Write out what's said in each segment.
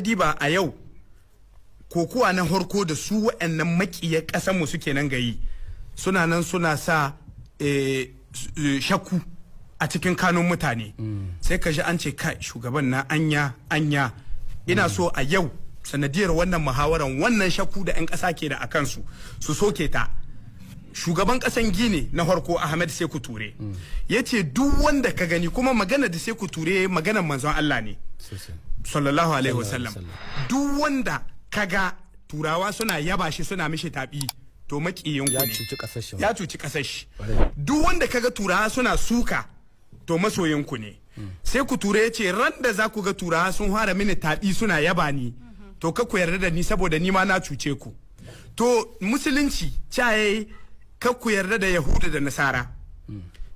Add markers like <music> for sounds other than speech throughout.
ka diba a yau kokuwa na harko da su waɗannan makiya mu suke nan gayi suna nan suna sa eh, eh, shakku a cikin kanun mutane mm. sai ka ji an ce kai shugaban na anya anya ina mm. so a yau sanadiyar wannan muhawaran wannan shakku da 'yan ƙasa ke da a kansu su soke ta shugaban ƙasan gini na harko ahmed seku ture mm. ya ce duk wanda ka gani kuma magana da seku ture maganan manzon allah ne sallallahu alaihi wasallam duk wanda kaga turawa suna yaba shi suna mishi tabi to makiyin ku ne ya cuci shi duk wanda kaga turawa suna suka to masoyin ku ne hmm. sai ku tura ya ce ran da za ku ga turawa sun fara mini tabi suna yaba ni mm-hmm. to ka ku yarda da ni saboda ni ma na cuce ku to musulunci cayayi ka ku yarda da yahuda da nasara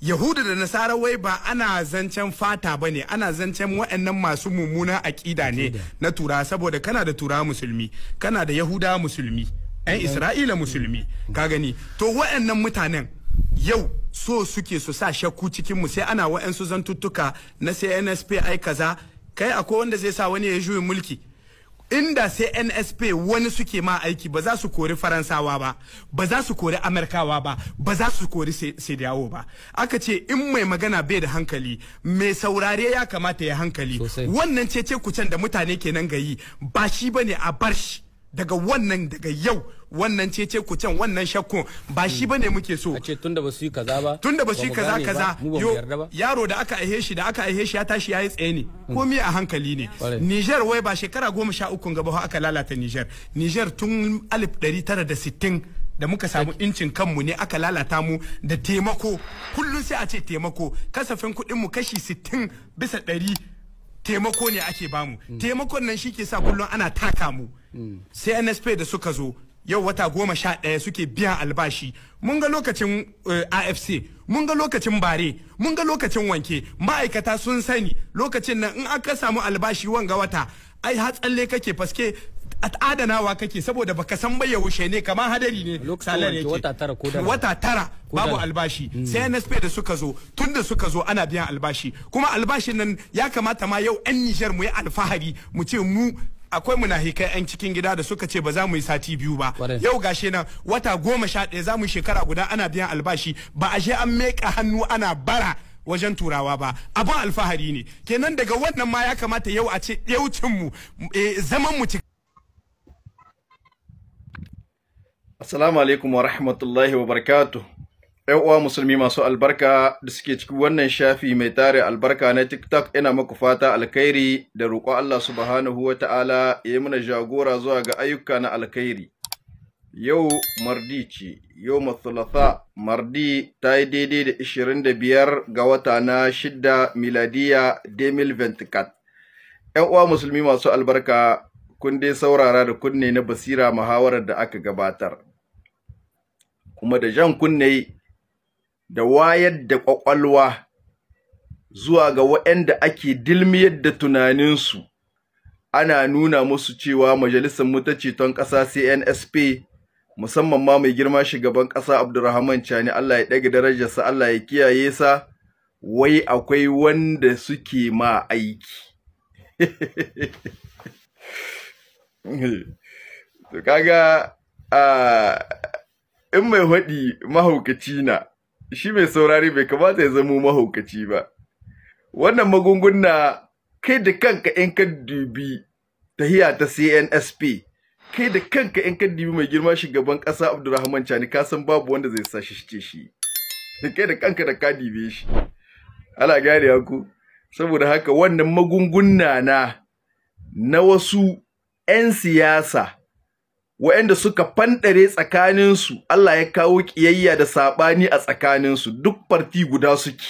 yahudu da nasara wai ba ana zancen fata ba ne ana zancen waɗannan masu mummuna aƙida ne na tura saboda kana da tura musulmi kana da yahuda musulmi 'yan isra'ila musulmi ka gani to waɗannan mutanen yau so suke su sa shakku cikin mu sai ana waɗansu zantuttuka na sai nsp ai kaza kai akwai wanda zai sa wani ya juyin mulki inda sai nsp wani suke ma aiki ba za su kori faransawa ba ba za su kori amurkawa ba ba za su kori sediyawo ba aka ce in mai magana bai da hankali mai saurare ya kamata ya hankali wannan cece kucen da mutane kenan gayi ba shi bane a bar shi daga wannan daga yau wannan cece can wannan shakku ba shi hmm. ba ne muke so ce tunda ba su yi kaza ba tunda ba su yi kaza kaza yaro da aka aihe shi da aka aihe shi ya tashi ya yi tsaye ne hmm. komi a hankali ne Niger wai ba shekara goma sha ukun gaba aka lalata Niger Niger tun alif ɗari tara da sittin da muka samu incin kanmu ne aka lalata mu da taimako kullum sai a ce taimako kasafin kuɗin mu kashi sittin bisa ɗari taimako ne ake bamu hmm. taimakon nan shi ke sa kullum ana taka mu sai da suka zo yau wata goma sha ɗaya suke biyan albashi mun ga lokacin eh, afc mun ga lokacin bare mun ga lokacin wanke ma'aikata sun sani lokacin nan in aka samu albashi wanga wata ai hatsalle kake faske adanawa kake saboda baka san bai ya wuce ne kama hadari ne wata tara ko da wata tara babu albashi hmm. sai NSP da suka zo tun da suka zo ana biyan albashi kuma albashin nan ya kamata ma yau 'yan Nijar mu yi alfahari mu ce mu akwai munahikai 'yan cikin gida da suka ce ba za mu yi sati biyu ba yau gashe nan wata goma sha ɗaya za mu yi shekara guda ana biyan albashi ba she an meka hannu ana bara wajen turawa ba abin alfahari ne kenan daga wannan ma ya kamata yau a ce mu e, zaman mu ci Assalamu alaikum wa rahmatullahi wa barakatuh uwa musulmi masu albarka da suke cikin wannan shafi mai tare albarka na TikTok ina muku fata alkhairi da roƙo Allah subhanahu wa ta'ala ya yi mana jagora zuwa ga ayyuka na alkhairi. Yau mardi ce, yau mathulatha mardi ta yi daidai da ishirin da biyar ga wata na shidda miladiya 2024. ‘Yan uwa musulmi masu albarka kun dai saurara da kunne na basira muhawarar da aka gabatar. Kuma da jan kunne da wayar da ƙwaƙwalwa zuwa ga waɗanda ake dilmiyar da tunaninsu ana nuna musu cewa majalisar mu ta ceton ƙasa CNSP musamman ma mai girma shugaban ƙasa Abdulrahman Chani Allah ya ɗaga darajarsa Allah ya kiyaye sa wai akwai wanda suke ma aiki <laughs> to kaga ah, in mai haɗi mahaukaci na shi mai saurari bai kamata ya zama mahaukaci ba wannan magunguna kai da kanka in ka dubi tahiya ta CNSP kai da kanka in ka dubi mai girma shugaban ƙasa Abdulrahman Chani ka san babu wanda zai sa shi ce shi kai da kanka da ka dibe shi ala gari ku saboda haka wannan magunguna na na wasu 'yan siyasa waɗanda suka fanɗare tsakaninsu Allah ya kawo ƙiyayya da saɓani a tsakaninsu duk farti guda suke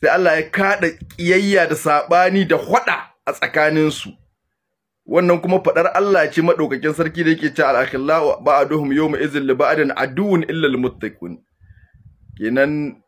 sai Allah ya kaɗa ƙiyayya da saɓani da haɗa a tsakaninsu wannan kuma faɗar Allah ce maɗaukakin sarki da yake ce al'akhillahu yau ma izin liba ba'adin aduwwun illal almuttaqun kenan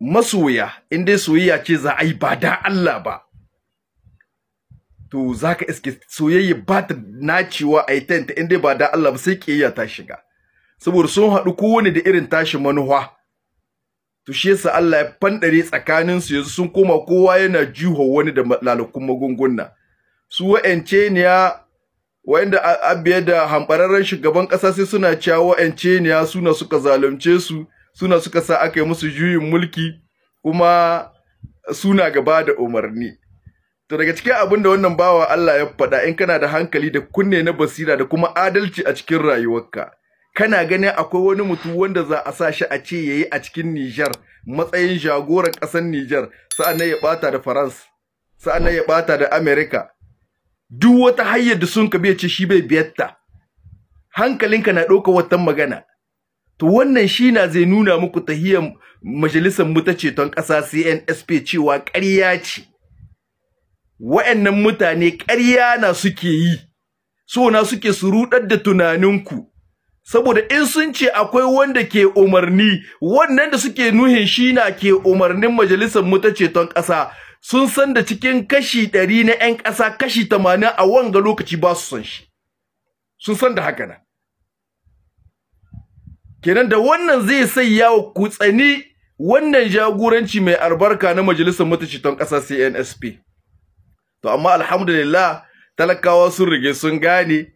masoya in dai soyayya ce za a yi ba da Allah ba to zaka ka iske soyayya ba ta nacewa a yi tenta inda ba da Allah ba sai ƙiyayya ta shiga saboda sun haɗu kowane da irin tashin manuwa to shi yasa Allah ya fanɗare tsakaninsu yanzu sun koma kowa yana juho wani da lalakun magunguna su wa'ance ne ya wa'anda abiya da hambararren shugaban ƙasa sai suna cewa wa'ance ne ya suna suka zalunce su suna suka sa aka yi musu juyin mulki kuma suna gaba da umarni To daga cikin abin da wannan bawa Allah ya faɗa in kana da hankali da kunne na basira da kuma adalci a cikin rayuwarka. Kana ganin akwai wani mutum wanda za a sa shi a ce yayi a cikin Nijar matsayin jagoran ƙasar Nijar sa'annan ya ɓata da France sa'annan ya ɓata da Amerika. Duk wata hanyar da sun ka ce shi bai biyatta. Hankalinka na ɗauka wata magana. To wannan shi na zai nuna muku tahiyar majalisar mu ta ceton ƙasa CNSP cewa ƙarya ce. wa'annan mutane ƙarya na suke yi so na suke su rudar da tunaninku saboda in sun ce akwai wanda ke umarni wannan da suke nuhin shi na ke umarnin majalisar muta ceton ƙasa sun san da cikin kashi ɗari na 'yan ƙasa kashi tamanin a wanga lokaci ba su san shi sun san da haka kenan da wannan zai sai yawo kutsani wannan jagoranci mai albarka na majalisar matashi ton ƙasa CNSP to amma alhamdulillah talakawa sun rige sun gane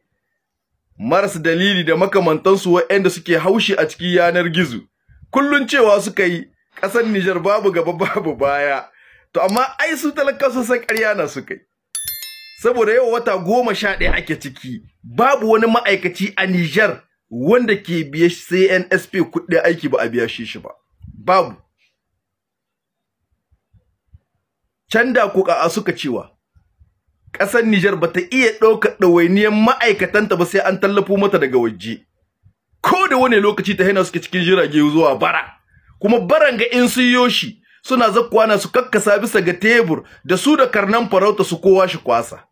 marasa dalili da makamantansu waɗanda suke haushi a cikin yanar gizo Kullum cewa suka yi ƙasar Nijar babu gaba babu baya to amma ai su talaka sun san ƙarya na suka yi saboda yau wata goma sha ɗaya ake ciki babu wani ma'aikaci a Nijar wanda ke biya CNSP kuɗin aiki ba a biya shi shi ba babu canda kuka a suka cewa kasar Nijar bata iya ɗaukar ɗawainiyar ma'aikatanta ba sai an tallafo mata daga waje. Ko da wani lokaci ta hana suke cikin jirage zuwa bara, kuma baran ga in sun yoshi suna zakwana su kakkasa bisa ga tebur da su da karnan farauta su kowa shi kwasa.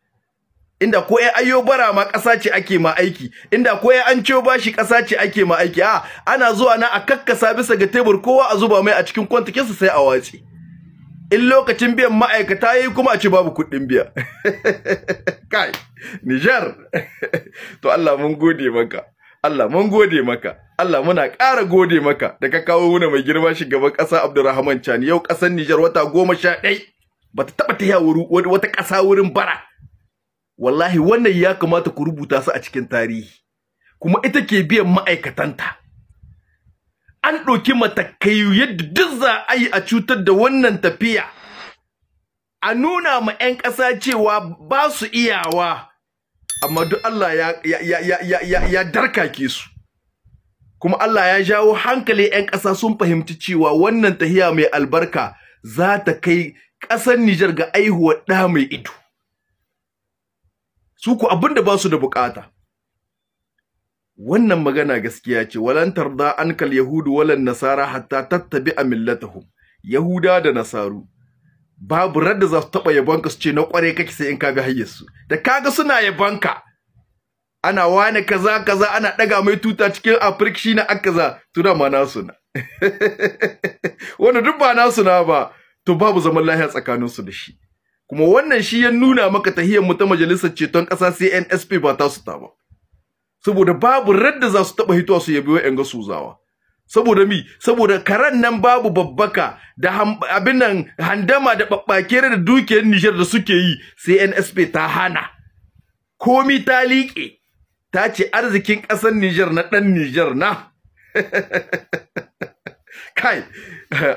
Inda ko ya ayyo bara ma ƙasa ce ake ma aiki, inda ko ya an ciyo bashi ƙasa ce ake ma aiki, a ana zuwa na a kakkasa bisa ga tebur kowa a zuba mai a cikin kwantakinsa sai a watse. in lokacin biyan ma'aikata yi kuma a ci babu kuɗin biya <laughs> kai Nijar <laughs> to Allah mun gode maka Allah mun gode maka Allah muna ƙara gode maka da ka kawo wuna mai girma shugaban ƙasa Abdulrahman Chani yau ƙasar Nijar wata goma sha ɗai bata taɓa ta yawuru wata ƙasa wurin bara wallahi wannan ya kamata ku rubuta su a cikin tarihi kuma ita ke biyan ma'aikatanta an ɗauki matakai yadda duk za a yi a cutar da wannan tafiya a nuna ma 'yan ƙasa cewa ba su iyawa amma duk Allah ya darkake su kuma Allah ya jawo hankali 'yan ƙasa sun fahimci cewa wannan tahiya mai albarka za ta kai ƙasar Nijar ga aihuwar ɗa mai ido su ku abin da ba su da bukata wannan magana gaskiya ce walantar an kal yahudu walan nasara hatta tattabi a millatahum yahuda da nasaru babu radda za su taba yabonka su ce na kware kake sai in ka bi hayyarsu da kaga suna yabonka ana wane kaza kaza ana ɗaga mai tuta cikin afirka shi na akaza tuna ma nasu na <laughs> wanda duk ba nasu na ba to babu zaman lahiya tsakanin su da shi kuma wannan shi ya nuna maka tahiyar mu ta majalisar ceton ƙasa CNSP ba ta su ta ba saboda babu radda za su taba hitowa su yabi wa'yan ga suzawa saboda mi saboda karan nan babu babbaka da abin nan handama da babbakere da dukiyar Nijar da suke yi sai NSP ta hana komi ta liƙe ta ce arzikin ƙasar Nijar na ɗan Nijar na <laughs> kai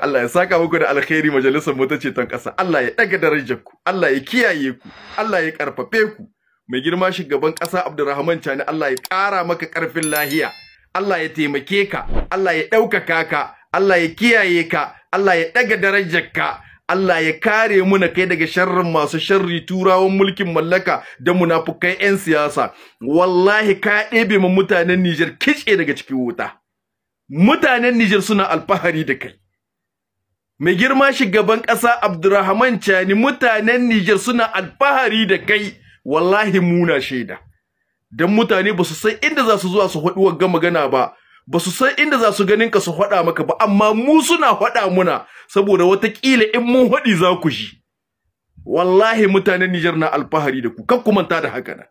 Allah ya saka muku da alkhairi majalisar mu ta ce ton ƙasa Allah ya ɗaga darajar ku Allah ya kiyaye ku Allah ya karfafe ku mai girma shugaban ƙasa Abdulrahman Chani Allah ya ƙara maka ƙarfin lahiya Allah ya taimake ka Allah ya ɗaukaka ka Allah ya kiyaye ka Allah ya ɗaga darajarka Allah ya kare mu na kai daga sharrin masu sharri turawan mulkin mallaka da munafukai 'yan siyasa wallahi ka ɗebe ma mutanen Nijar kitse daga cikin wuta mutanen Nijar suna alfahari da kai mai girma shugaban ƙasa Abdulrahman Chani mutanen Nijar suna alfahari da kai wallahi muna shaida dan mutane ba su san inda za su zuwa su haɗu wagga magana ba ba su san inda za su ganin ka su haɗa maka ba amma mu suna haɗa muna saboda watakila in mun haɗi za ku ji wallahi mutanen Nijar na alfahari da ku kan ku manta da haka nan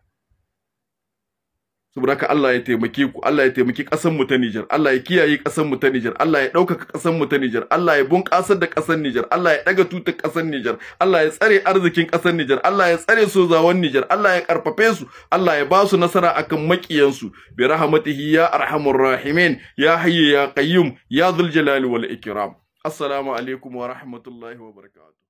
saboda haka Allah ya taimake ku Allah ya taimaki ƙasar mu ta Niger Allah ya kiyaye ƙasar mu ta Niger Allah ya ɗaukaka ƙasar mu ta Niger Allah ya bunƙasar da ƙasar Niger Allah ya ɗaga tutar ƙasar Niger Allah ya tsare arzikin ƙasar Niger Allah ya tsare sozawan Niger Allah ya ƙarfafe su Allah ya ba su nasara akan maƙiyansu bi rahmatihi ya arhamur rahimin ya hayyu ya qayyum ya dhul jalali wal ikram assalamu alaikum wa rahmatullahi wa barakatuh